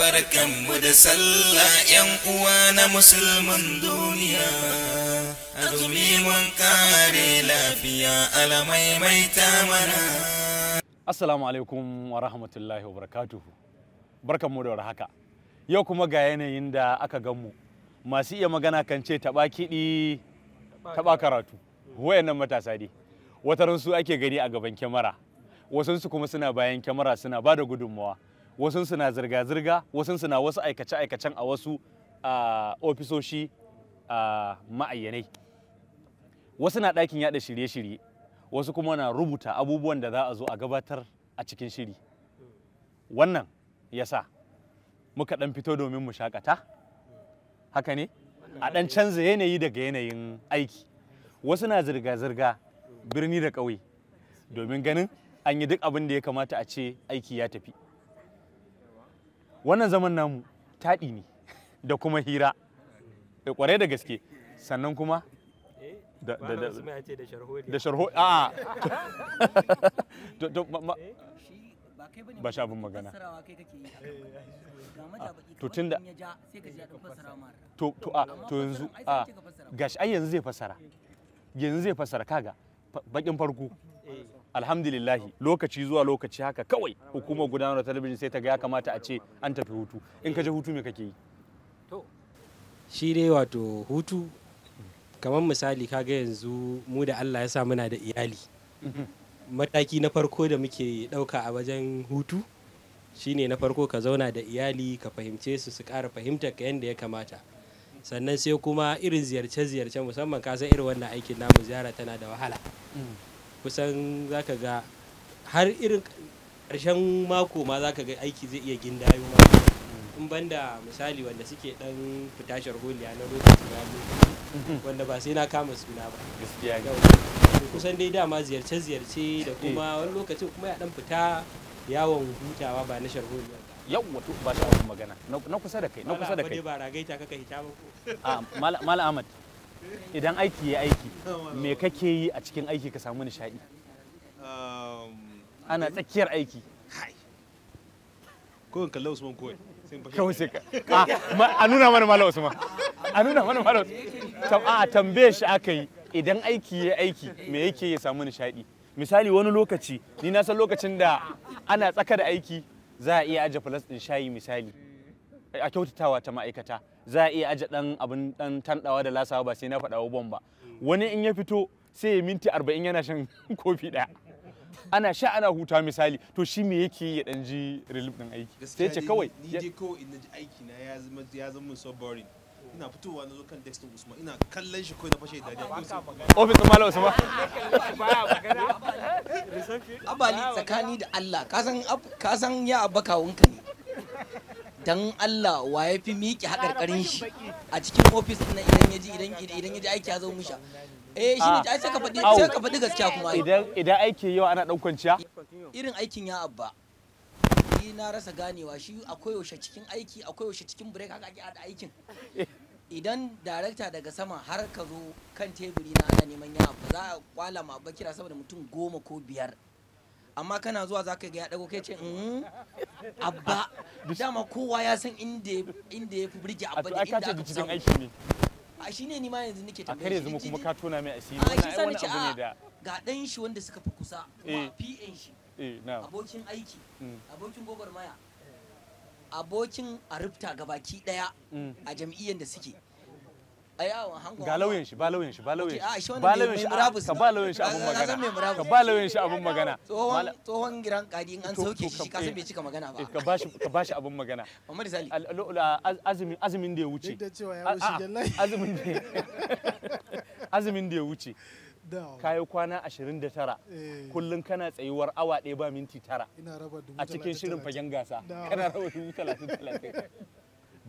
mu da sallah yan uwa na musulmin duniya azumi mun kare lafiya alamai mai mana assalamu alaikum wa rahmatullahi wa barakatuhu barkanmu da warhaka yau kuma ga yanayin da aka mu masu iya magana kan ce taɓa kiɗi taba karatu wayannan matasa dai wataransu ake gani a gaban kyamara wasansu kuma suna bayan kyamara suna ba da gudunmawa wasun suna zirga-zirga wasun suna wasu aikace-aikacen a wasu ofisoshi ma'ayyanai wasu na ɗakin yaɗa shirye-shirye wasu kuma na rubuta abubuwan da za a zo a gabatar a cikin shiri wannan ya sa muka ɗan fito domin mu shakata haka ne a ɗan canza yanayi daga yanayin aiki wasu na zirga-zirga birni da ƙauye domin ganin an yi duk abin da ya kamata a ce aiki ya tafi wannan zaman namu taɗi ne da kuma hira da eh, kwarai da gaske sannan kuma da sharho a ba shi abin magana to tun da to a to yanzu a gashi ai yanzu zai fasara yanzu zai fasara kaga bakin farko alhamdulillahi lokaci zuwa lokaci haka kawai hukumar gudanar da talabijin sai ta ga ya kamata a ce an tafi hutu in ka je hutu me kake yi to shi dai wato hutu kamar misali kaga yanzu mu da Allah ya sa muna da iyali mhm. mataki na farko da muke ɗauka a wajen hutu shine na farko ka zauna da iyali ka fahimce su su kara fahimtar ka yanda ya kamata sannan sai kuma irin ziyarce-ziyarce musamman ka san irin wannan aikin namu ziyara tana da wahala mm. kusan za ka ga har irin ƙarshen mako ma za ka ga aiki zai iya gindayo ma in banda misali wanda suke dan fita sharholiya na lokaci ya mhm. wanda ba sai na kama suna ba kusan dai dama ziyarce-ziyarce da eh. kuma wani lokacin kuma ya dan fita yawon hutawa ba na sharholiya yau wato ba shi magana na kusa da kai na kusa da kai ba ragaita kaka hita ba ko ah, ahmad idan aiki ya aiki me kake yi a cikin aiki ka samu nishaɗi um, ana tsakiyar aiki kawai kalla usman kowai kawai sai ka ah, a nuna mana mala usman a nuna mana mala usman a tambaye shi aka yi idan aiki ya aiki me yake ya samu nishaɗi misali wani lokaci ni na san lokacin da ana tsaka da aiki za a iya aje falas ɗin shayi misali a kyautatawa ta ma'aikata za a iya aje dan abin dan tandawa da lasawa ba sai na faɗa bom ba wani in ya fito sai ya minti 40 yana shan kofi ɗaya ana sha ana huta misali to shi me yake ya dan ji relief din aiki sai ce kawai ni dai kawai in ji aiki na ya zama ya zama so boring ina fitowa na zo kan Dexter Usman ina kallon shi kawai na fashe da dadi office mallam Usman abali tsakani da Allah ka san ka san ya abaka wanka ne dan Allah wa ya fi miƙe haƙarƙarin shi a cikin ofis na idan ya ji idan ya ji aiki ya zo musha eh shi ne ah. sai ka faɗi sai ka faɗi gaskiya kuma idan idan aiki yau ana ɗaukan ciya irin aikin ya abba ni na rasa ganewa shi akwai yaushe cikin aiki akwai yaushe cikin break haka ake da aikin idan director daga sama har ka zo kan teburi na ana neman ya abba za a kwala ma abba kira saboda mutum goma ko biyar amma kana zuwa za ka ga ya dago kai ce mm-hmm. abba dama kowa ya san inda ya fi birge abba da inda aka fi samu a shi ne nima yanzu nake tambaye shi a kare kuma ka tona mai asiri wani abu ne da ga dan shi wanda suka fi kusa eh. PN shi eh, abokin aiki mm. abokin gobar maya abokin a rufta gabaki daya mm. a jam'iyyar da suke ga lauyan shi ba lauyan shi ba lauyan ah, shi ba lauyan shi ah, ka ba lauyan shi abun magana ka ba lauyan shi abun magana tsohon giran kadi an sauke shi ka eh, san bai cika magana ba eh, ka bashi ka bashi abun magana Muhammad Sali azumin azumin da ya wuce ah, azumin da azumin da ya wuce kayi kwana 29 eh. kullum kana tsayuwar awa ɗaya ba minti tara a cikin shirin fagen gasa kana raba dubu talatin talatin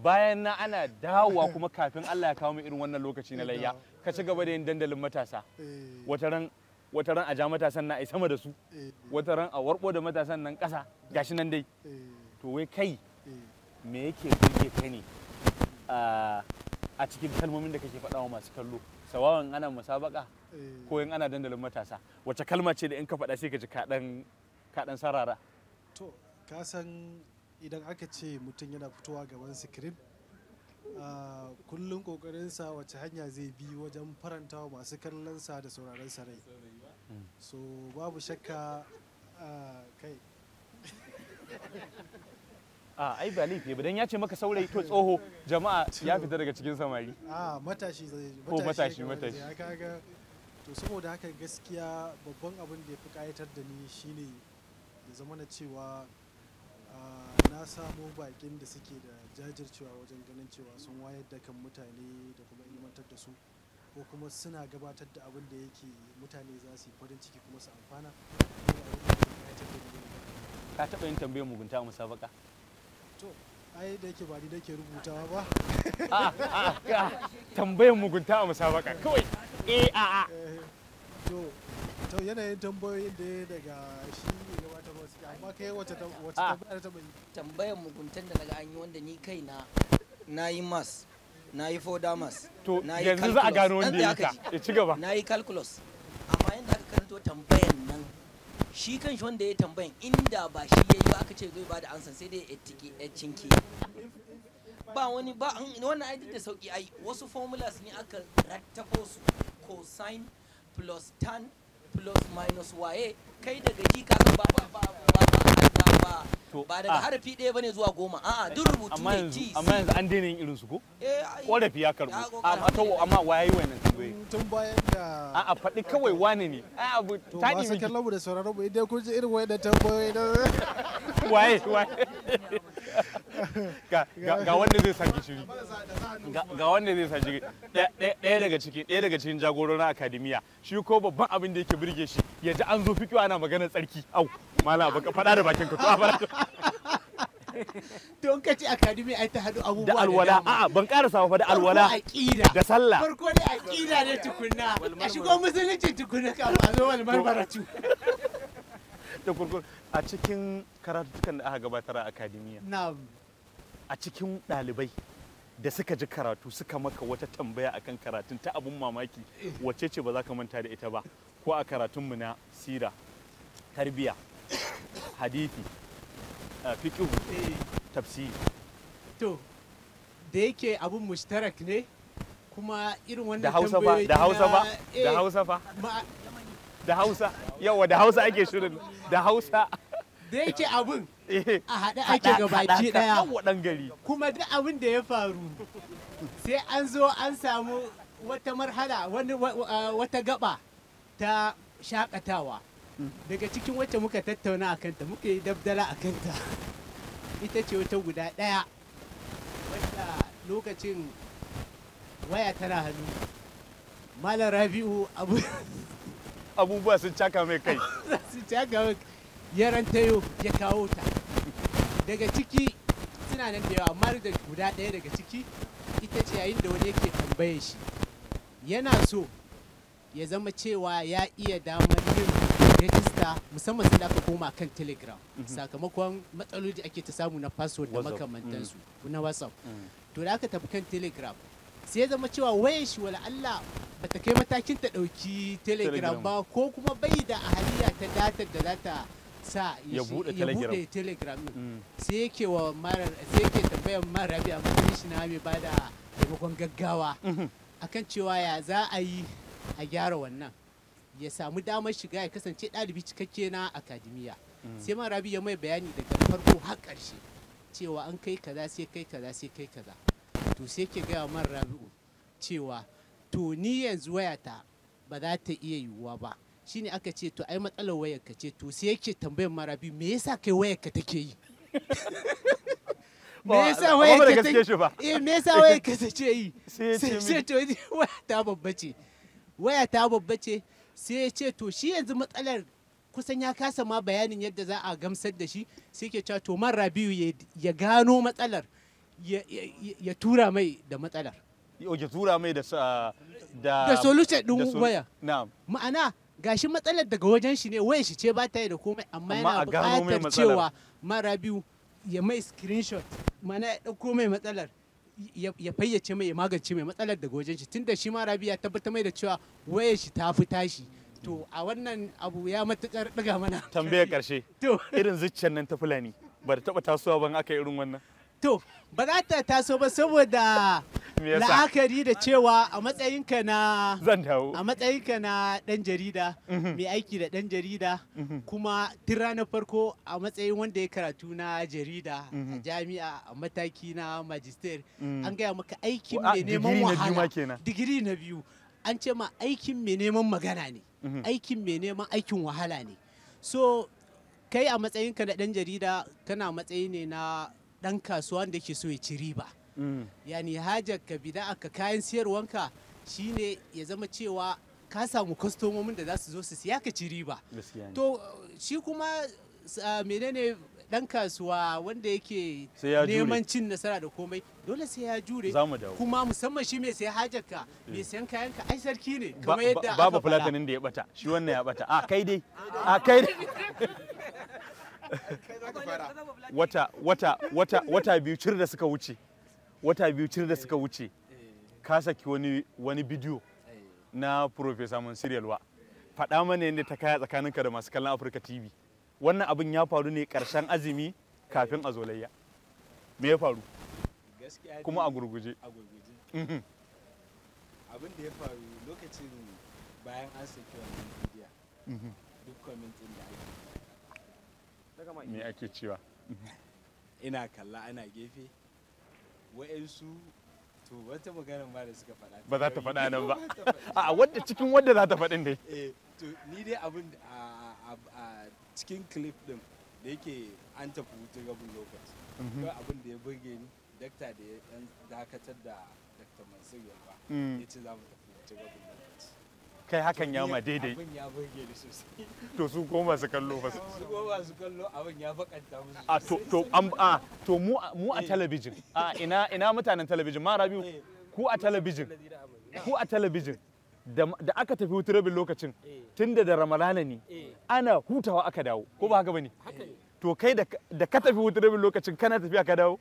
bayan na ana dawowa kuma kafin Allah ya kawo mu irin wannan lokaci na layya ka ci gaba da yin dandalin matasa eh. wataran ran a ja matasan na ai sama da su eh. wataran a warbo da matasan nan kasa gashi nan dai eh. to wai kai me yake burge ka ne a cikin kalmomin da kake faɗa wa masu kallo sawawan ana musabaka ko in ana dandalin matasa wace kalma ce da in ka faɗa sai ka ji kaɗan sarara to ka san idan aka ce mutum yana fitowa gaban sikirin kullum kokarinsa wace hanya zai bi wajen faranta wa masu kallonsa da sauraronsa rai so babu shakka kai a ai ba laifi ba dan ya ce maka saurayi to tsoho jama'a ya fita daga cikin samari a matashi zai ko matashi matashi kaga to saboda haka gaskiya babban abin da ya fi kayatar da ni shine ya zama na cewa Ah, na samo bakin da suke da jajircewa wajen ganin cewa sun wayar da kan mutane da kuma ilmantar da su ko kuma suna gabatar da abin da yake mutane za su yi farin ciki kuma su amfana ka taɓa yin tambayar mugunta a musabaka to ai da yake ba ni da ke rubutawa ba a ah, ah, tambayar mugunta a musabaka kawai eh a eh, to to yanayin tambayoyin da daga shi ne wata ba su amma kai wata ah. tambaya ta bai tambayar muguntan da daga an yi wanda ni kai na na yi mas na yi foda mas to yanzu za a gano wanda ya ka ya ci gaba na yi calculus amma yadda aka karanto tambayan nan shi kan shi wanda ya tambayan inda ba shi ya yi ba aka ce zai ba da ansan sai dai ya cinki. ba wani ba wannan aiki da sauki ai wasu formulas ne aka rattafo su cosine plus tan plus minus waye kai daga ji ka ba ba ba ba ba ba ba ba daga ah. harfi ɗaya bane zuwa goma a a duk rubutu ne ji amma yanzu an daina yin irin su ko eh, ƙorafi ya karbu ah, amma to amma waye yi wannan tambaye mm, tun bayan da a a faɗi kawai wane ne a abu tadi miki to ba labu da sauraron mu idan kun ji irin wayannan tambayoyi waye waye ga wanda zai sa gishiri ga wanda zai sa gishiri ɗaya daga cikin ɗaya daga cikin jagororin akademiya shi ko babban abin da yake birge shi ya ji an zo fiƙo ana maganar tsarki au mala baka faɗa da bakin ka to a faɗa don ka ci akademi ai ta hadu abubuwa da alwala a'a ban karasa ba da alwala da sallah farko ne aqida ne tukunna a shigo musulunci tukunna ka zo walmar baratu. da farko a cikin karatutukan da aka gabatar a akademiya a cikin ɗalibai da suka ji karatu suka maka wata tambaya akan karatun ta abun mamaki wace ce ba za ka manta da ita ba ko a karatunmu na sira tarbiya hadithi fiqhu tafsiri to da yake abun mushtarak ne kuma irin wannan da hausa ba da hausa ba da eh, hausa ba da hausa yawa da hausa ake shirin da hausa da yake abin eh, a haɗe ake gabaki ɗaya gari kuma duk abin da ya faru sai an zo an samu wata marhala wata gaba ta shakatawa daga cikin wacce muka tattauna a kanta muka yi dabdala a kanta ita ce wata guda ɗaya wadda lokacin waya tana hannu malam rabi'u abu abubuwa sun caka mai kai sun caka mai ya rantayo ya kawo ta daga ciki suna nan da yawa amma da guda ɗaya daga ciki ita ce yayin da wani yake tambaye shi yana so ya zama cewa ya iya damar yin rajista musamman sun aka koma kan telegram mhm. sakamakon matsaloli ake ta samu na password da makamantansu mm. na whatsapp mm. to da aka tafi kan telegram sai ya zama cewa wayan shi wala Allah bata kai matakin ta ɗauki telegram ba ko kuma bai da ahaliya ta datar da za ta sa ya bude telegram mm. sai yake wa marar sai yake tambayar marar rabi a shi na mai ba da taimakon gaggawa mhm. akan cewa ya za a yi a gyara wannan ya samu damar shiga ya kasance ɗalibi cikakke na akademiya mm. sai ma rabi ya mai bayani daga farko har ƙarshe cewa an kai kaza sai kai kaza sai kai kaza to sai ke gaya man rabi'u cewa to ni yanzu wayata ba za ta iya yiwuwa ba shi ne aka ce to ai matsalar wayarka ka ce to sai yake tambayar marabi me yasa kai wayarka ka take yi eh, me yasa wayarka ka take yi sai to babba ce waya ta babba ce sai ya ce to shi yanzu matsalar kusan ya kasa ma bayanin yadda za a gamsar da shi sai ke cewa to man rabiu ya gano matsalar ya tura mai da matsalar ya tura mai da da solution din waya na'am ma'ana gashi matsalar daga wajen shi ne wayar shi ce ba ta yi da komai amma yana buƙatar cewa mara biyu ya mai screenshot mana ya dauko mai matsalar ya fayyace mai ya magance mai matsalar daga wajen shi tunda shi mara biyu ya tabbatar mai da cewa wayar shi ta fi tashi to a wannan abu ya matukar daga mana tambayar To. irin zuciyar nan ta fulani ba da taba tasowa ban aka irin wannan to ba za ta taso ba saboda la'akari da cewa a matsayinka na zan dawo a matsayinka na dan jarida mhm. mai aiki da dan jarida mhm. kuma tun ranar farko a matsayin wanda ya karatu na jarida a mhm. jami'a a mataki na magister mm. an gaya maka aikin mai neman wahala digiri na biyu an ce ma aikin mai neman magana ne aikin mai neman aikin wahala ne so kai a matsayinka na dan jarida kana matsayi ne na dan kasuwa da ke so ya ci riba yani bida aka kayan siyarwanka shine ya zama cewa ka samu kwastomomin da za su zo su siya ka ci riba to shi kuma menene dan kasuwa wanda yake neman cin nasara da komai dole sai ya jure kuma musamman shi mai sai ka mai eh. sayan kayanka ai sarki ne kamar yadda babu fulatanin da ya bata shi wannan ya bata a kai dai a kai wata wata wata wata biyu cir da suka wuce wata biyu cin da suka wuce ka saki wani wani bidiyo na profesa mun Yalwa faɗa mana yadda ta kaya tsakaninka da masu kallon Afirka TV wannan abin ya faru ne ƙarshen azumi kafin a zolayya me ya faru kuma a gurguje mhm. abin da ya faru lokacin bayan an saki wannan bidiyo mhm. duk comment din da ake me ake cewa ina kalla ana gefe wa'yansu to wata magana ma da suka faɗa ba za ta faɗa nan ba a wadda cikin wadda za ta faɗin dai eh, to ni dai abin a cikin clip din da yake an tafi wutar gabin lokaci To mhm. abin da ya burge ni dakta da ya dakatar da dakta mansur yalwa mm. ya ce za mu tafi wutar gabin lokaci kai hakan ya ma daidai to su goma su kallo ba su goma su kallo abin ya bakanta musu a to to an a to mu mu a talabijin a ina ina mutanen talabijin ma Rabiu eh. ku a talabijin ku a talabijin da aka tafi hutu rabin lokacin eh. tunda da ramalana ne eh. ana hutawa aka dawo ko ba haka bane to kai da ka tafi hutu rabin lokacin kana tafiya ka dawo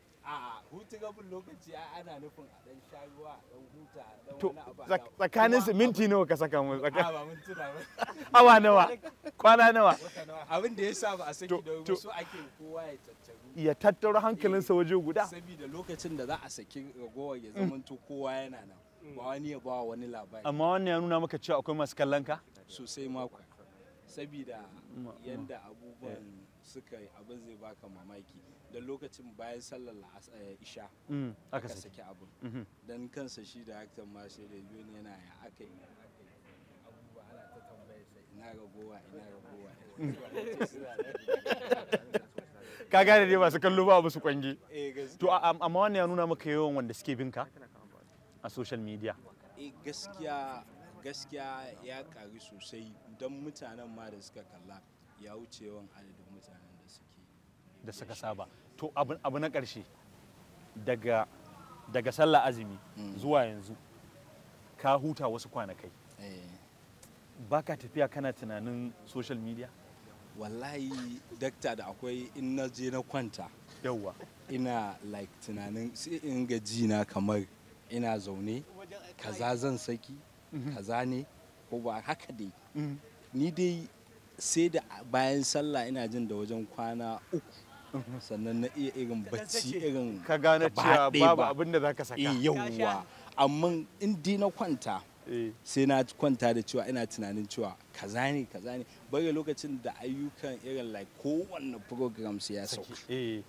hutu gabin lokaci ana nufin a dan a dan huta a dan wani abu tsakanin su minti nawa ka saka mu tsaka ba mintuna ba awa nawa kwana nawa abin da ba a saki da su ake kowa ya tattaru ya tattaro hankalinsa waje guda saboda lokacin da za a saki ragowar ya zamanto kowa yana nan mm. ba wani ya ba wani labari amma wannan ya nuna maka cewa akwai masu kallon ka sosai mako saboda yanda abubuwan suka abin zai baka mamaki da lokacin bayan sallar eh, isha mm, aka saki abin mm-hmm. don kansa shi da aktan ma shi da ne yana ya aka yi abubuwa ana ta tambayar sai ina ragowa ina ragowa ka gane dai masu kallo ba musu kwange eh, to amma wannan ya nuna maka yawan wanda suke binka a social media eh, gaskiya gaskiya ya karu sosai don mutanen ma da suka kalla ya wuce yawan adadin da suka saba to abu na karshe daga sallah azumi mm. zuwa yanzu ka huta wasu kwanakai eh. ba ka tafiya kana tunanin social media wallahi dakta da akwai in na je na kwanta yawwa ina like tunanin sai in ga jina kamar ina zaune kaza zan saki mhm. kaza ne ko ba haka dai mhm. ni dai sai da bayan sallah ina jin da wajen kwana uku sannan na iya irin bacci irin ka gane cewa babu abin da zaka saka eh, yawwa amma in di na kwanta eh. sai na kwanta da cewa ina tunanin cewa kaza ne kaza ne bari lokacin da ayyukan irin like kowanne program su ya sauka eh.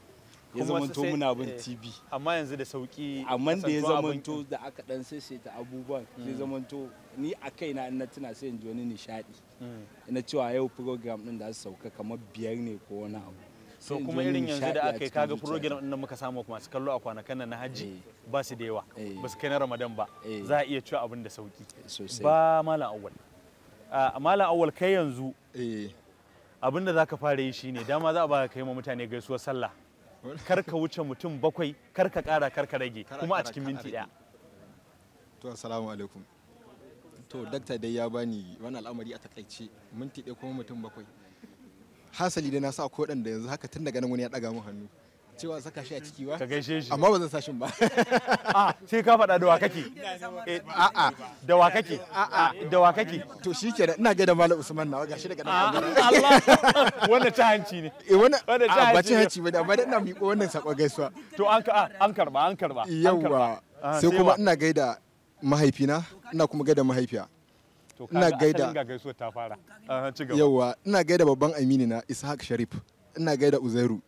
ya to muna bin tv amma yanzu da sauki amma da ya zama to da aka dan ta abubuwan ya hmm. to ni a kaina na tuna sai in ji wani nishadi ina hmm. cewa yau program din da su sauka kamar biyar ne ko wani abu so kuma irin yanzu da aka yi kaga program din muka samu masu kallo a kwanakan nan na haji eh. ba su da yawa eh. ba su kai na ramadan ba eh. za a iya cewa abin da sauki ba malam awwal malam awwal kai yanzu abin da zaka fara yi shine dama za a ba kai ma mutane gaisuwar sallah kar ka wuce mutum bakwai kar ka kara kar ka rage kuma a cikin minti daya to assalamu alaikum to dakta dai ya bani wannan al'amari a takaice minti ɗaya kuma mutum bakwai hasali da na sa ko da yanzu haka tun daga nan wani ya daga mun hannu cewa saka shi a ciki ba ka gaishe shi amma ba zan sa shi ba a ah, sai ka faɗa da wa a eh, a da wa a a ah, da wa kake to shikenan ina ga da malam usman nawa gashi daga nan ah, Allah wannan ta hanci ne eh wannan ba ta hanci ba amma ina miƙo wannan sakon gaisuwa to an ka an karba an karba yawa sai kuma ina gaida mahaifina ina kuma gaida mahaifiya ina gaida yawa ina gaida babban amini na ishaq sharif ina gaida uzairu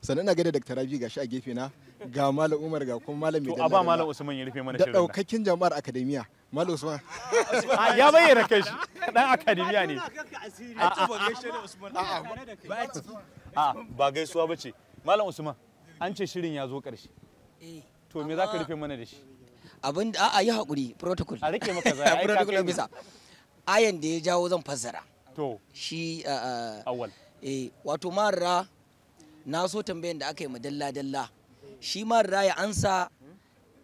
sannan ina gaida dr rabi gashi a gefe na ga malam umar ga kuma malam mai dalilai malam usman ya rufe mana shirin da daukakin jama'ar akademiya malam usman ah, ya bayyana kai shi dan akademiya ne ah, ba gaisuwa ba ce malam usman an ce shirin ya zo karshe eh, to me za ka rufe mana da shi abin da a yi haƙuri protocol a rike maka zai protocol bisa ayan da ya jawo zan fassara to shi uh, uh, awal eh wato marra na so tambayan da aka yi dalla dalla shi marra ya ansa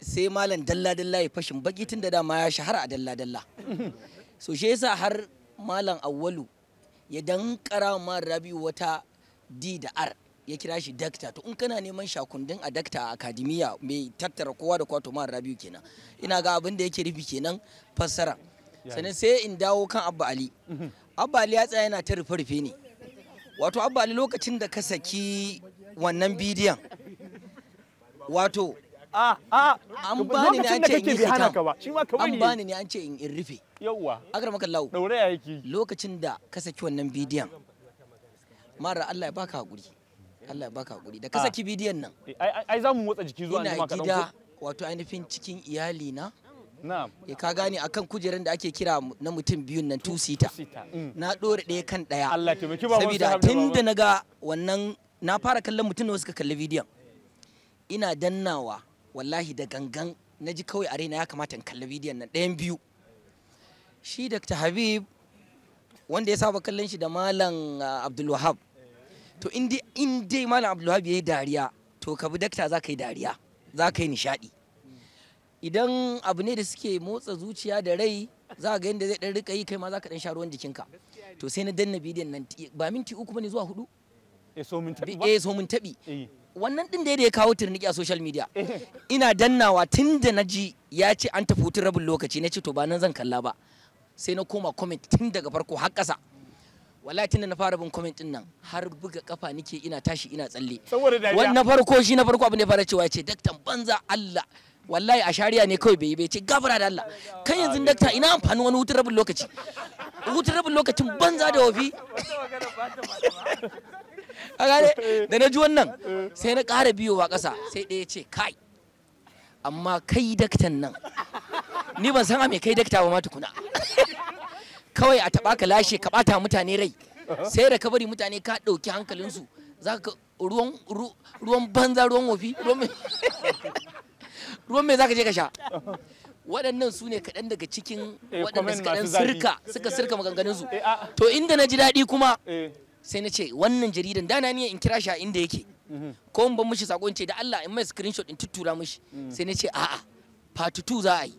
sai malam dalla dalla ya fashin baki tun da dama ya shahara a dalla dalla so shi yasa har malam awwalu ya dankara marra biyu wata d da r ya kira shi dakta to in kana neman shakundin a dakta a akademiya mai tattara kowa da kwato mara rabiu kenan ina ga abin da yake rufi kenan fassara sannan sai in dawo kan abba ali mhm. abba ali ya tsaya yana ta rufe rufe ne wato abba ali lokacin da ka saki wannan bidiyon wato an bani ne an ce in yi sita an bani ne an ce in rufe yawwa agar maka lau lokacin da ka saki wannan bidiyon mara Allah ya baka hakuri Allah ya baka hakuri da ka saki bidiyon nan eh, ai za mu motsa jiki zuwa ina gida wato ainihin cikin iyali na Eh, ka gane akan kujeran da ake kira na mutum biyun nan two sita mm. na dore ɗaya kan ɗaya saboda tun da na ga wannan na fara kallon mutum da suka kalli bidiyon ina dannawa wallahi da gangan na ji kawai arena ya kamata in kalli bidiyon nan ɗayan biyu shi dr habib wanda ya saba kallon shi da malam ah, abdulwahab to in dai malam abdulwahab ya yi dariya to ka bi dakta za ka yi dariya za ka yi nishaɗi idan abu ne da suke motsa zuciya da rai za ga yadda zai dan rika yi kai ma za ka dan sha ruwan jikinka to sai na danna bidiyon nan ba minti uku bane zuwa hudu eh so mun tabi eh so mun tabi eh. wannan din da ya kawo turniki a social media eh. ina dannawa tun da na ji ya ce an tafi hutun rabin lokaci na ce to ba nan zan kalla ba sai na koma comment tun daga farko har ƙasa wallahi tun da na fara bin comment din nan har buga kafa nike ina tashi ina tsalle wannan farko shi na farko abin da ya fara cewa ya ce daktan banza Allah wallahi a shari'a ne kawai bai yi bai ce gafara da Allah kan yanzu dakta ina amfani wani hutun rabin lokaci hutun rabin lokacin banza da wafi a gane da na ji wannan sai na ƙara biyowa ƙasa sai ɗaya ce kai amma kai daktan nan ni ban san a me kai dakta ba ma tukuna kawai a taɓa ka lashe ka ɓata mutane rai sai da ka bari mutane ka ɗauki hankalinsu za ka ruwan banza ruwan wafi ruwan ruwan mai zaka je ka sha waɗannan su ne kaɗan daga cikin eh, waɗanda suka ɗan sirka suka sirka maganganunsu eh, ah. to inda na ji daɗi kuma eh. sai na ce wannan jaridan dana ni in kira shi a inda yake mhm. ko in ban mishi sako in ce da Allah in mai screenshot in tuttura mishi mm. sai na ce a'a part 2 za a yi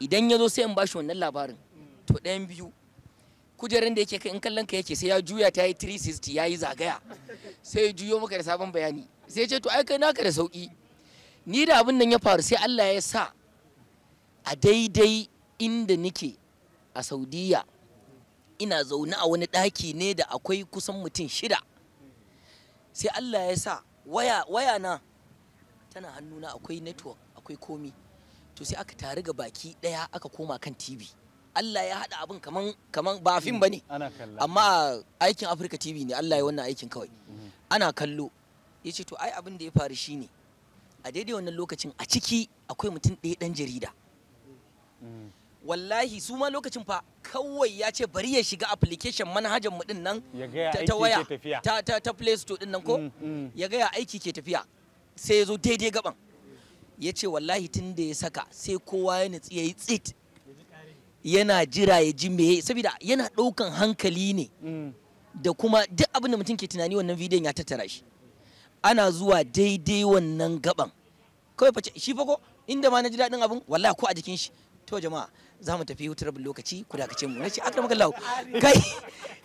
idan ya zo sai in bashi wannan labarin to ɗayan biyu kujerin da yake kai in kallon ka yake sai ya juya ta yi 360 ya yi zagaya sai ya juyo maka da sabon bayani sai ya ce to ai kai naka da sauki ni da abin nan ya faru sai Allah ya sa a daidai inda nike a saudiya ina zaune a wani ɗaki ne da akwai kusan mutum shida sai Allah ya sa waya, waya na tana hannuna akwai network akwai komi to sai aka tare ga baki ɗaya aka koma kan tv Allah ya haɗa abin kaman ba fim bane hmm, amma aikin Africa TV ne Allah ya wannan aikin kawai hmm. ana kallo yace to ai abin da ya faru shine a daidai wannan lokacin a ciki akwai mutum ɗaya ɗan jarida wallahi su ma lokacin fa kawai ya ce bari ya shiga application manhajar mu din nan ta waya ta ta ta play store din nan ko mm, mm. ya ga ya aiki ke tafiya sai ya zo daidai gaban ya ce wallahi tun da ya saka sai kowa ya nutsi ya yi tsit yana jira ya ji meye saboda yana ɗaukan hankali ne mm. da kuma duk abin da mutum ke tunani wannan bidiyon ya tattara shi ana zuwa daidai wannan gaban kawai face shi fa ko inda ma na ji daɗin abin wallahi ko a jikin shi to jama'a za mu tafi hutu rabin lokaci ku dakace mu nace akramu kallahu kai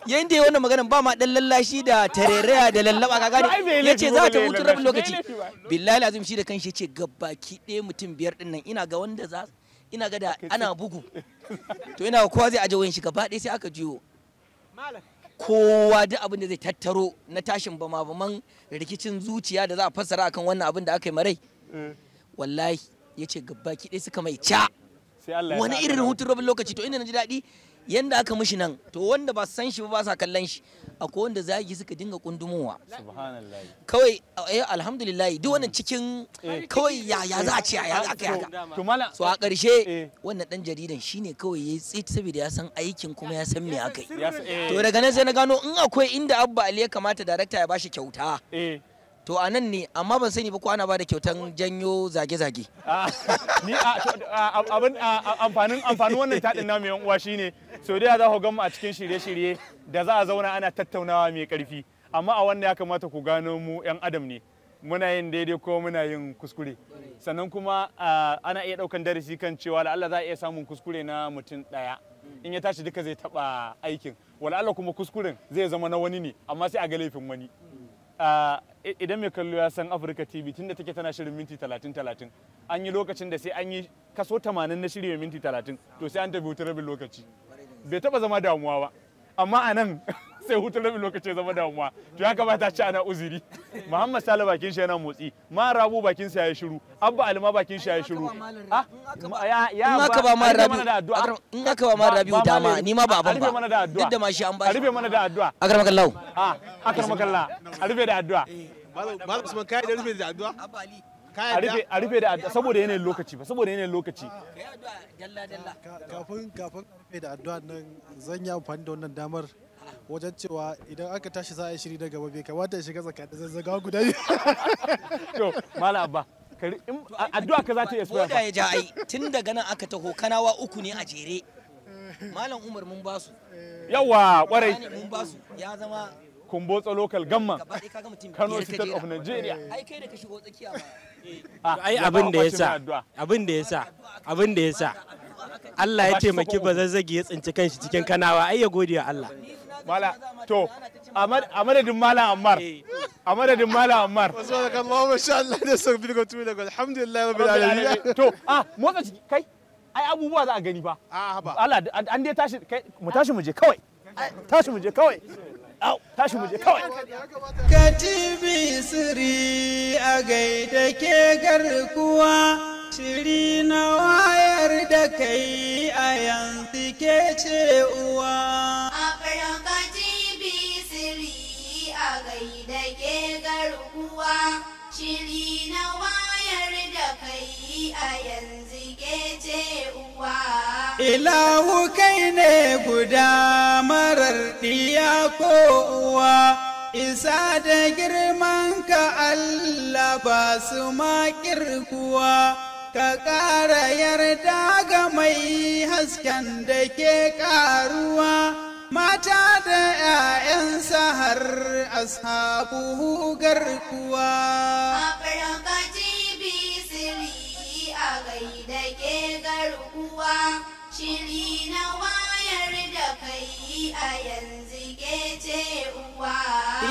yayin da wannan maganan ba ma dan lallashi da tarereya da lallaba ka gane yace za ta hutu rabin lokaci billahi azim shi da kanshi yace gabaki ɗaya mutum biyar din nan ina ga wanda za ina ga da ana bugu to ina kowa zai aje wayan shi gaba ɗaya sai aka jiyo kowa duk abin da zai tattaro na tashin bama baman rikicin zuciya da za a fassara akan wannan abin da aka yi marai wallahi ya ce gabaki ɗaya suka mai ca wani irin hutun rabin lokaci to inda na ji daɗi yanda aka mishi nan to wanda ba san shi ba sa kallon shi akwai wanda zagi suka dinga kundumowa kawai eh, alhamdulillah duk wannan cikin eh. kawai ya ya za a ce ya za a yaga so a ƙarshe eh. wannan dan jaridan shine kawai ya tsit saboda ya san aikin kuma ya san me aka yi to daga nan sai na gano in akwai inda abba ali ya kamata darakta ya bashi kyauta to a nan ne amma ban sani ba ko ana ba da kyautan janyo zage-zage ah, ni ah, ah, abin amfanin amfanin wannan taɗin namu yan uwa shine so da za ku ga mu a cikin shirye-shirye da za a zauna ana tattaunawa mai karfi amma a wannan ya kamata ku gano mu yan adam ne muna yin daidai ko muna yin kuskure sannan kuma ana iya ɗaukan darasi kan cewa Allah za a iya samun kuskure na mutum ɗaya in ya tashi duka zai taba aikin wala Allah kuma kuskuren zai zama na wani ne amma sai a ga laifin wani idan mai kallo ya san Afirka TV tun tunda take tana shirin minti 30 30 an yi lokacin da sai an yi kaso tamanin na shirin minti talatin, to sai an tafi wuta rabin lokaci bai taba zama damuwa ba amma a nan sai hutu na lokaci zama damuwa to ya kamata ci ana uzuri muhammad sale bakin shi yana motsi ma rabu bakin shi ya shiru abba alma bakin shi ah, ya shiru a rufe mana da addu'a a da addu'a saboda yanayin lokaci ba saboda yanayin lokaci ah, kafin kafin rufe da addu'a nan zan yi amfani da wannan damar wajen cewa idan aka tashi za a yi shiri daga gaba bai kamata ya shiga tsakanin zazzaga guda biyu. To, Mala Abba, addu'a ka za ta iya soya. ya ja ai, tun daga nan aka taho kanawa uku ne a jere. Malam Umar mun basu. Yawa, kwarai. Mun basu, ya zama Kumbotso local gamma Kano state of Nigeria. Ai kai da ka shigo tsakiya ah, ba. Ai abin da yasa, abin da yasa, abin da yasa. Allah ya taimaki bazazzagi ya tsinci kanshi cikin kanawa ai ya gode wa Allah. mala to a madadin mala ammar eh. a madadin mala ammar wasu subhanaka allahumma sha Allah da sun sabbi ga da daga alhamdulillah rabbil alamin to a ah, motsa ciki kai ai abubuwa za a gani ah, ba Allah an dai tashi kai mu tashi mu je kawai tashi mu je kawai au tashi mu je kawai katibi sirri a gaida ke garkuwa Shiri na wayar da kai a yanzu ke ce uwa. Afirka TV siri a da ke garkuwa. Shiri na wayar da kai a yanzu ke ce uwa. Ilahu kai ne guda marar ɗiya ko uwa. isa da girman ka Allah ba su ma kirkuwa. ka ƙara yarda ga mai hasken da ke ƙaruwa mata da ‘ya'yan sahar ashabu garkuwa. da ke garkuwa shiri na wayar da kai a yanzu ke ce uwa.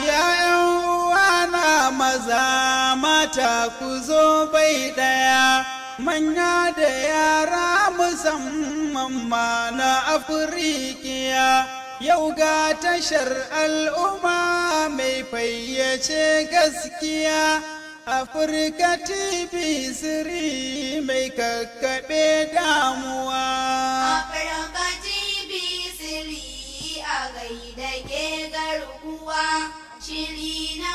‘Ya'yan uwa na maza mata ku zo bai ɗaya. manya da yara musamman ma na afirikiya yau ga tashar al'umma mai fayyace gaskiya afirka tv siri mai kakkaɓe damuwa afirka tv siri a gaida ke garkuwa shiri na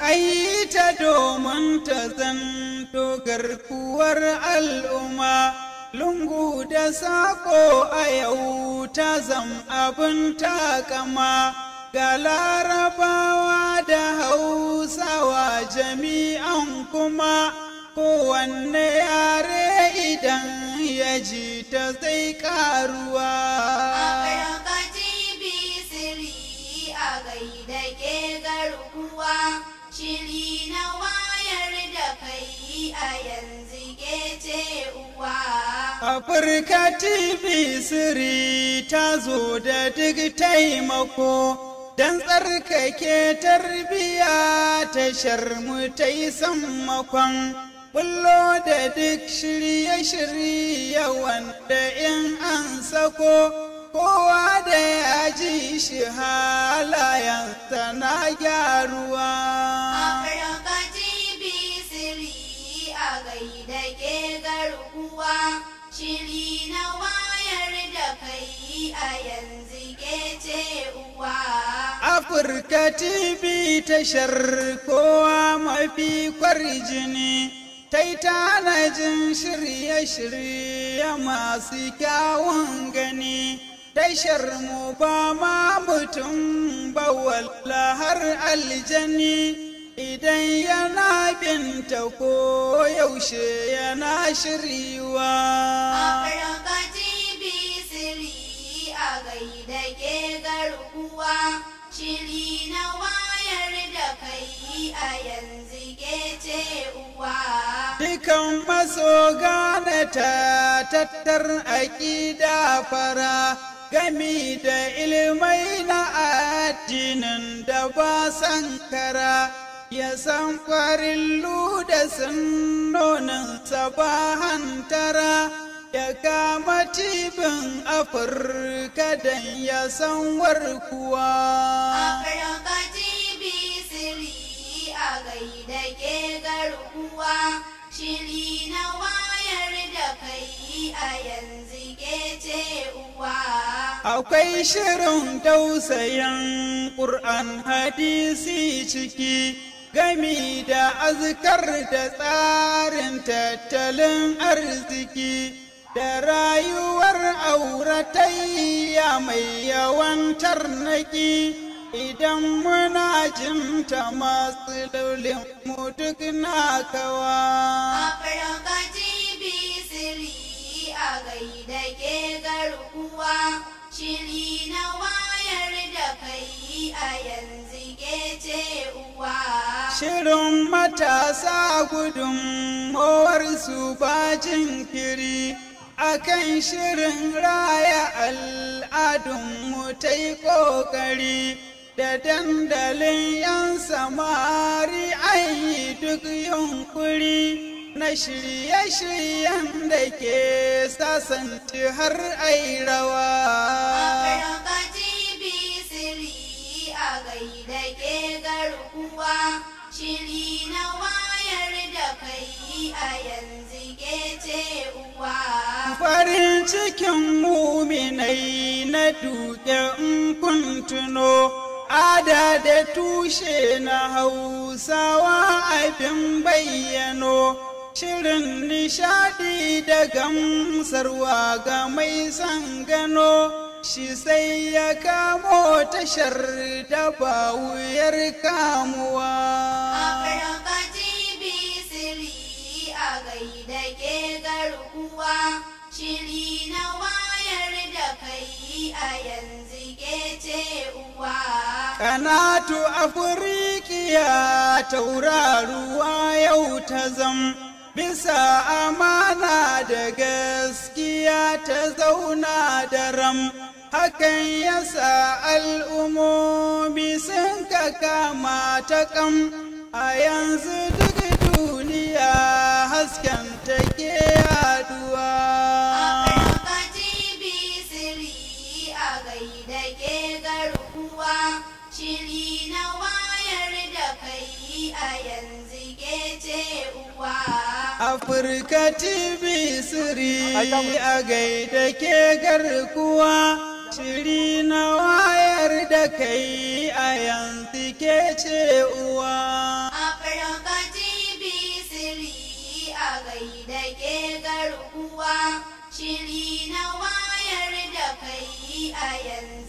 kai ta domin ta zanto garkuwar al'umma, lungu da sako a yau ta zam abin takama. Ga larabawa da hausawa jami'an kuma kowanne yare idan ya ji ta zai karuwa. uwa shiri na wayar da kai a yanzu gece uwa afirka tv siri ta zo da duk taimako don tsarkake tarbiya tashar mu ta yi sammakon bullo da duk shirye-shirye wanda in an sako kowa da ya ji shi halayensa na gyaruwa. da ke garkuwa shiri na wayar da kai a yanzu ke ce uwa. Afirka TV tashar kowa mafi kwarjini. tai tanajin shirye-shirye masu kyawun gani tashar mu ba ma mutum ba walla har aljani idan yana binta ko yaushe yana shiriwa a gaida ke garkuwa shiri na a yanzu ke uwa dukan maso gane ta tattar aƙida fara gami da ilmai na addinin da ba sankara ya san sun nonin sabahan tara, ya kama tibin afirka don ya san warkuwa. gai da ke garkuwa shiri na wayar da kai a yanzu ke uwa akwai shirin tausayin ƙur'an hadisi ciki gami da azkar da tsarin tattalin arziki da rayuwar auratayya mai yawan tarnaki idan muna jimta matsalolin mu duk na kawa a farkaci siri a gaida ke garkuwa shiri na wayar da kai a yanzu ke ce uwa shirin matasa gudun su ba kiri, akan shirin raya al'adunmu ta yi ƙoƙari da dandalin 'yan samari ayi duk yunkuri na shirye-shiryen da ke sasanci har ai rawa. ke shiri na da kai yanzu ke ce Farin cikin muminai na duke in kun tuno. Ada da tushe na hausawa abin bayyano shirin nishadi da gamsarwa ga mai gano, shi sai ya kamo tashar da ba wuyar kamuwa da shiri na wayar da kai a yanzu ke ce uwa kanatu afirikiya tauraruwa yau ta zam bisa amana da gaskiya ta zauna da ram hakan yasa al'umomi sun ka kama ta kam a yanzu duk duniya hasken take yar uwa shiri na wayar da kai a yanzu ke uwa afirka tv siri a gaida ke garkuwa shiri na wayar da kai a yanzu ke uwa afirka tv siri a gaida ke garkuwa shiri na wayar a yanzu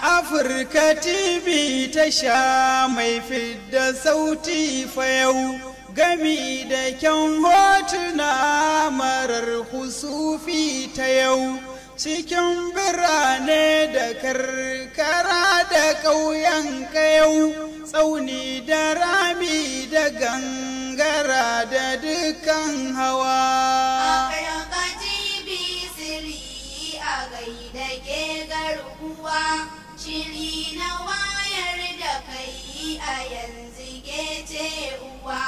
Afirka TV ta sha mai fidda sauti fa yau. Gami da kyan hotuna marar husufi ta yau, cikin birane da karkara da ƙauyen yau, tsauni da rami da gangara da dukkan hawa. garkuwa shiri na wayar da kai a yanzu ce uwa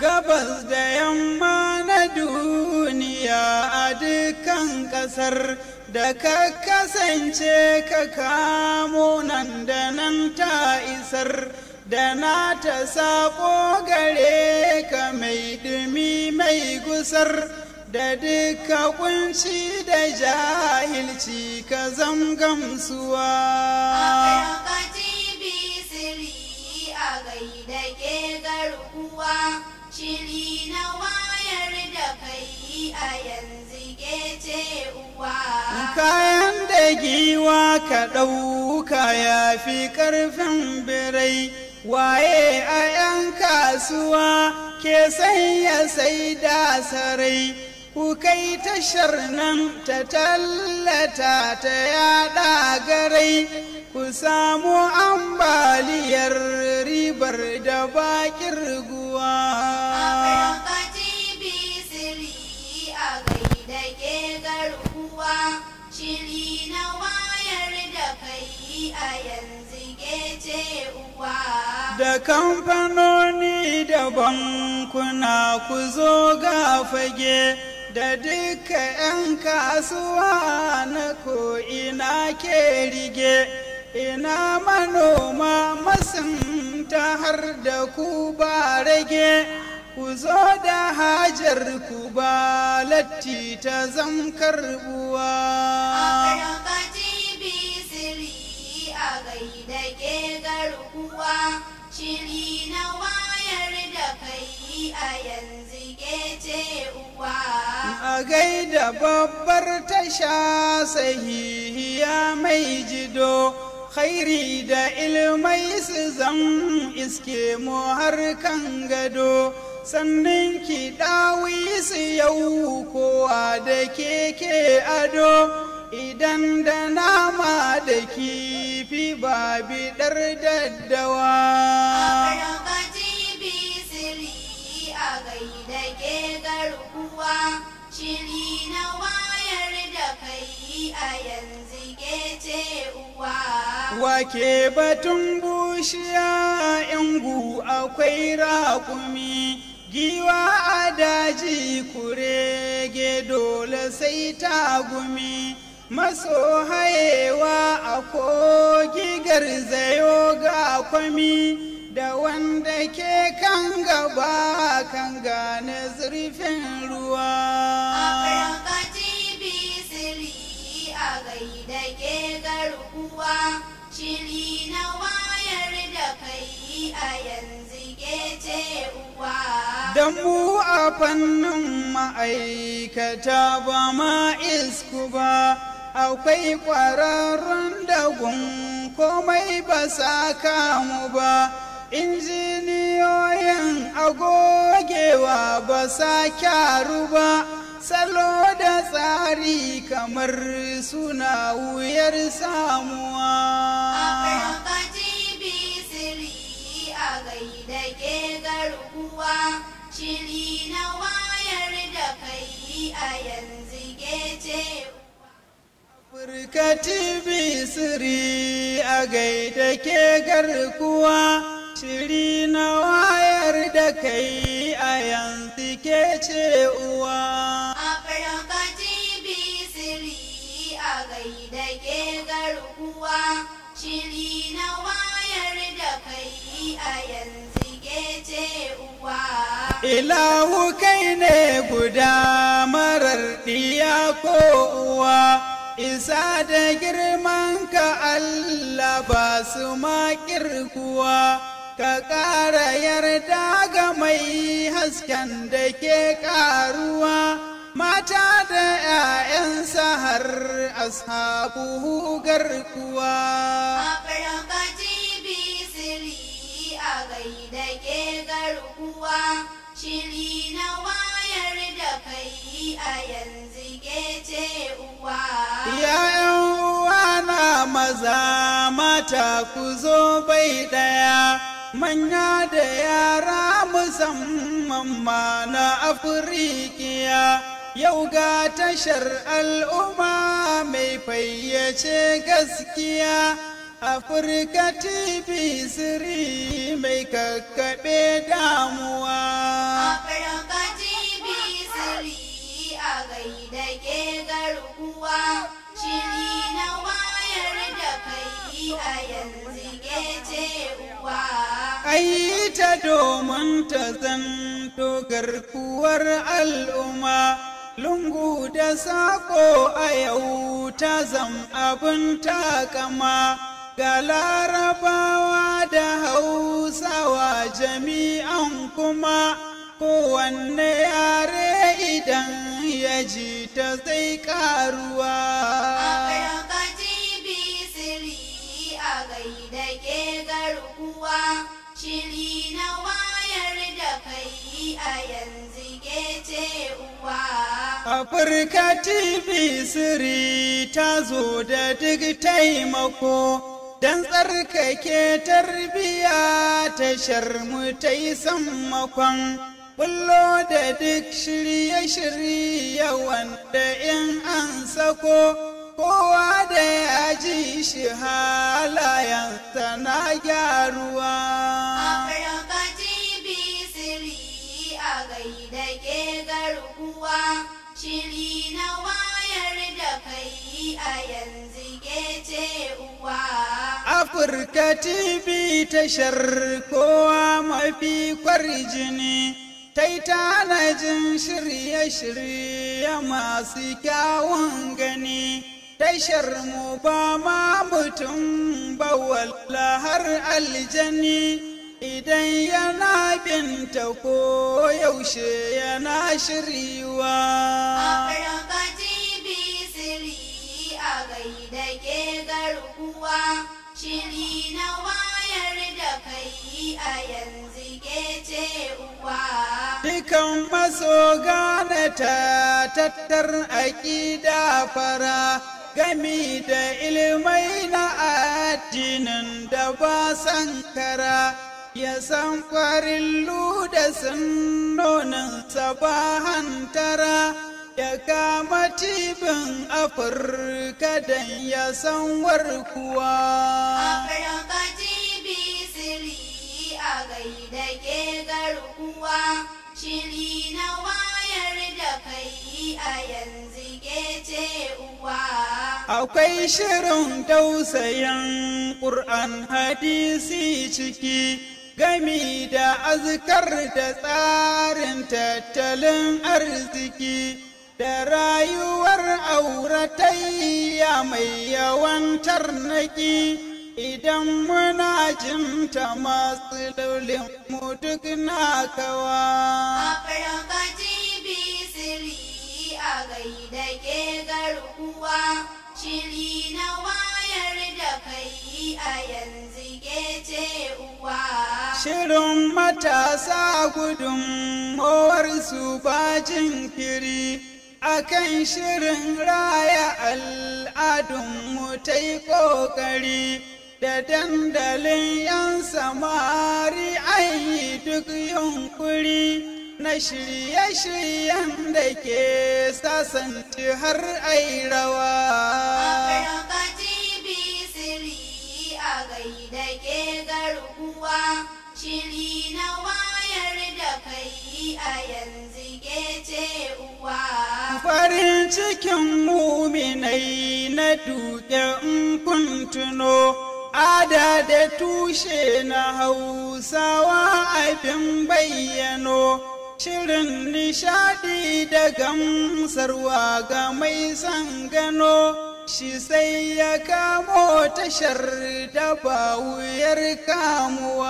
gabas da yamma na duniya a dukkan kasar da ka kasance ka kamo nan da nan ta isar da na ta sako gare ka mai dumi mai gusar da duka kunci da jahilci ka zam gamsuwa gaida ke garkuwa shiri na wayar da kai a yanzu ke ce uwa kayan da giwa ka ɗauka ya fi ƙarfin birai waye a 'yan kasuwa ke sanya sai da sarai ku kai tashar nan ta tallata ta yada garai ku samu ambaliyar ribar da bakin ruguwa Shiri na wayar da da kamfanoni da bankuna ku zo ga fage da duka 'yan kasuwa na ko'ina ke rige ina manoma ta har da ku ba rage ku zo da hajar ku ba latti ta zan karbuwa da ke garkuwa shiri na wayar da kai a yanzu ke uwa a gaida babbar tasha sahihiya mai jido khairi da ilmai su zan iske mu har kan gado sannan ki dawi su yau kowa da keke ado idan da nama da kifi babi ɗar daddawa. A gai ke garkuwa shiri na wayar da kai a yanzu ke ce uwa wake batun bushiya ingu akwai rakumi giwa a daji kurege dole sai gumi maso hayewa a kogi garzayo ga kwami da wanda ke kan gaba kan gane zurfin ruwa a a da mu a fannin ma'aikata ba ma isku ba akwai kwararrun dagun komai ba sa kamu ba injiniyoyin agogewa ba sa kyaru ba salo da tsari kamar suna wuyar samuwa Shiri na wayar da kai a yanzu gece Afirka TV siri a gaida ke garkuwa Shiri na wayar da kai a yanzu ke ce uwa. A bisiri a da ke garkuwa. Shiri na wayar da kai a yanzu ke ce uwa. Ilahu kai ne guda marar ɗiya ko uwa. Isa da girman ka Allah ba su ma kirkuwa. ka ƙara yarda ga mai hasken da ke ƙaruwa mata da ‘ya'yan sahar ashabu garkuwa. Abarkaci bisiri a gaida ke garkuwa, shiri na wayar da kai a yanzu ke ce uwa. ‘Ya'yan uwa na maza mata ku zo bai ɗaya. manya da yara musamman ma na afirikiya yau ga tashar al'umma mai fayyace gaskiya afirka tv siri mai kakkaɓe damuwa afirka tv siri a gaida ke garkuwa shiri na Ai ta domin ta zanto garkuwar al'umma, lungu da sako a yau ta zam abin takama, ga larabawa da hausawa jami'an kuma, kowanne yare idan ya ji ta zai karuwa. uwa shiri na wayar da kai a yanzu gece uwa. Afirka TV siri ta zo da duk taimako. don tsarkake tarbiya tashar mu ta yi sammakon bullo da duk shirye-shirye wanda in an sako kowa da ya ji shi ta na gyaruwa. da ke garkuwa shiri na wayar da kai a yanzu ke ce uwa. Afirka TV tashar kowa mafi kwarjini ta yi tanajin shirye-shirye masu kyawun gani. tashar mu ba ma mutum ba har aljani idan yana binta ko yaushe yana shiriwa. A gaida ke garkuwa shiri na wa Dukan maso gane ta tattar aƙida fara gami da ilmai na addinin da ba sankara ya san sun da sunnonin sabahantara. ya kama tibin afirka don ya san warkuwa. gai da ke garkuwa shiri na wayar da kai a yanzu ke uwa akwai shirin tausayin ƙur'an hadisi ciki gami da azkar da tsarin tattalin arziki da rayuwar auratayya mai yawan tarnaki Idan muna jimta matsalolin mu duk na kawa. Afirka jibi siri a gaida ke garkuwa, shiri na wayar da kai a yanzu ke ce uwa. Shirin matasa gudun mowar su jin kiri. akan shirin raya al'adunmu ta yi ƙoƙari da dandalin 'yan samari ayi duk yunkuri na shirye-shiryen da ke sasanci har ai rawa. Shiri na wayar da kai a yanzu ke ce uwa. Farin cikin muminai na duke in kun tuno. Ada da tushe na hausawa abin bayyano shirin nishadi da gamsarwa ga mai sangano shi sai ya kamo tashar da ba wuyar kamuwa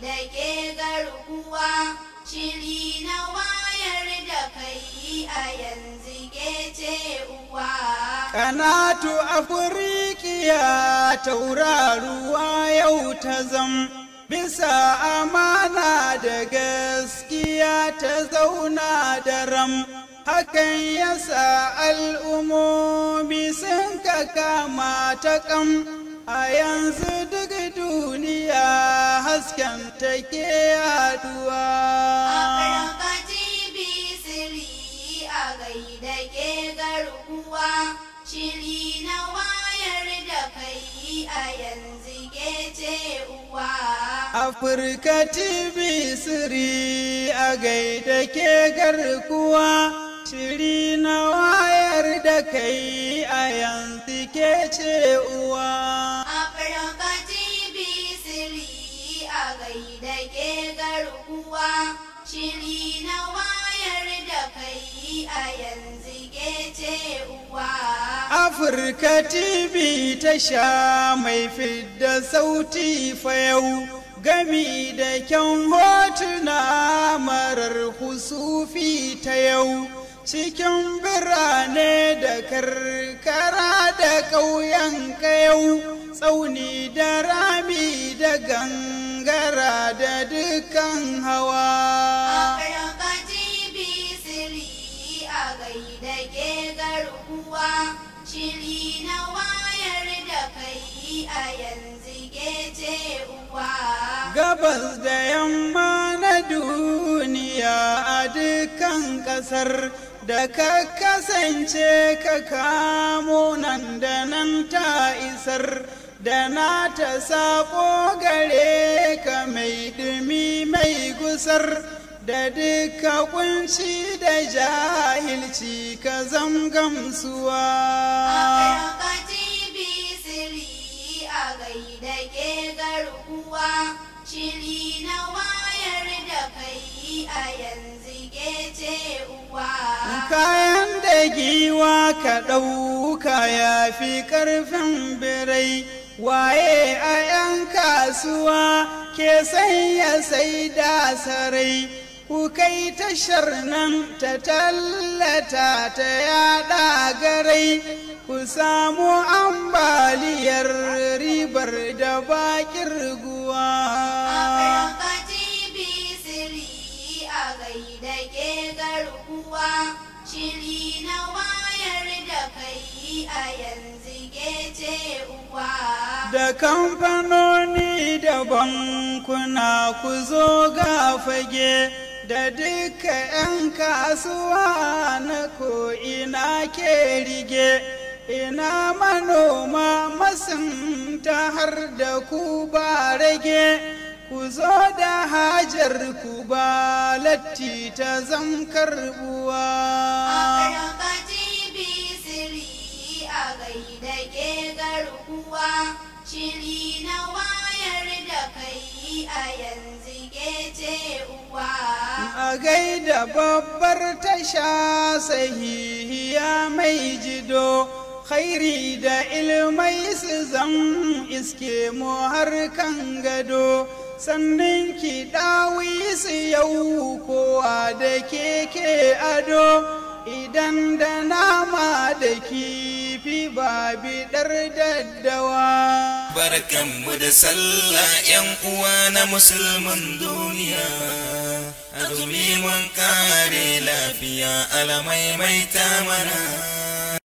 da ke garkuwa shiri na wayar da kai a yanzu ke ce uwa Kanatu afirikiya tauraruwa yau ta zam bisa amana da gaskiya ta zauna da ram hakan yasa al'ummomi sun ka kama ta kam a yanzu duk duniya hasken ta ke yaduwa a gaida ke garkuwa shiri na wayar da kai a yanzu ke ce uwa afirka tv siri a gaida ke garkuwa shiri na wayar da kai a yanzu ke ce uwa. Afirka TV siri a gaida ke garkuwa shiri na wayar a yanzu Afirka TV ta sha mai fidda sauti fa yau gami da kyan hotuna marar husufi ta yau. Cikin birane da karkara da ƙauyen yau tsauni da rami da gangara da dukkan hawa. 'yar da kai gabas da yamma na duniya a dukkan kasar da ka kasance ka kamo nan da nan ta isar da na ta sako gare ka mai dumi mai gusar da duka kunci da jahilci ka zam gamsuwa Shiri na wayar da kai a yanzu gece uwa. Kayan da giwa ka ɗauka ya fi ƙarfin birai, waye a ‘yan kasuwa ke sanya sai da sarai. ku kai tashar nan ta tallata ta yada garai ku samu ambaliyar ribar da bakin ruguwa na wayar da kai a Da kamfanoni da bankuna ku zo ga fage. da duka 'yan kasuwa na ko'ina ke rige ina manoma ta har da ku ba rage ku zo da hajar ku ba latti ta zan karbuwa shiri na wayar da kai a yanzu ke ce uwa. A gaida babbar tasha sahihiya mai jido, khairi da ilmai su zan iske mu har kan gado. Sannan ki ɗawi su yau kowa da keke ado. idan da nama da kifi ba biɗar daddawa. Barkanmu da sallah ‘yan uwa na musulman duniya, azumi mun kare lafiya alamai mai mana.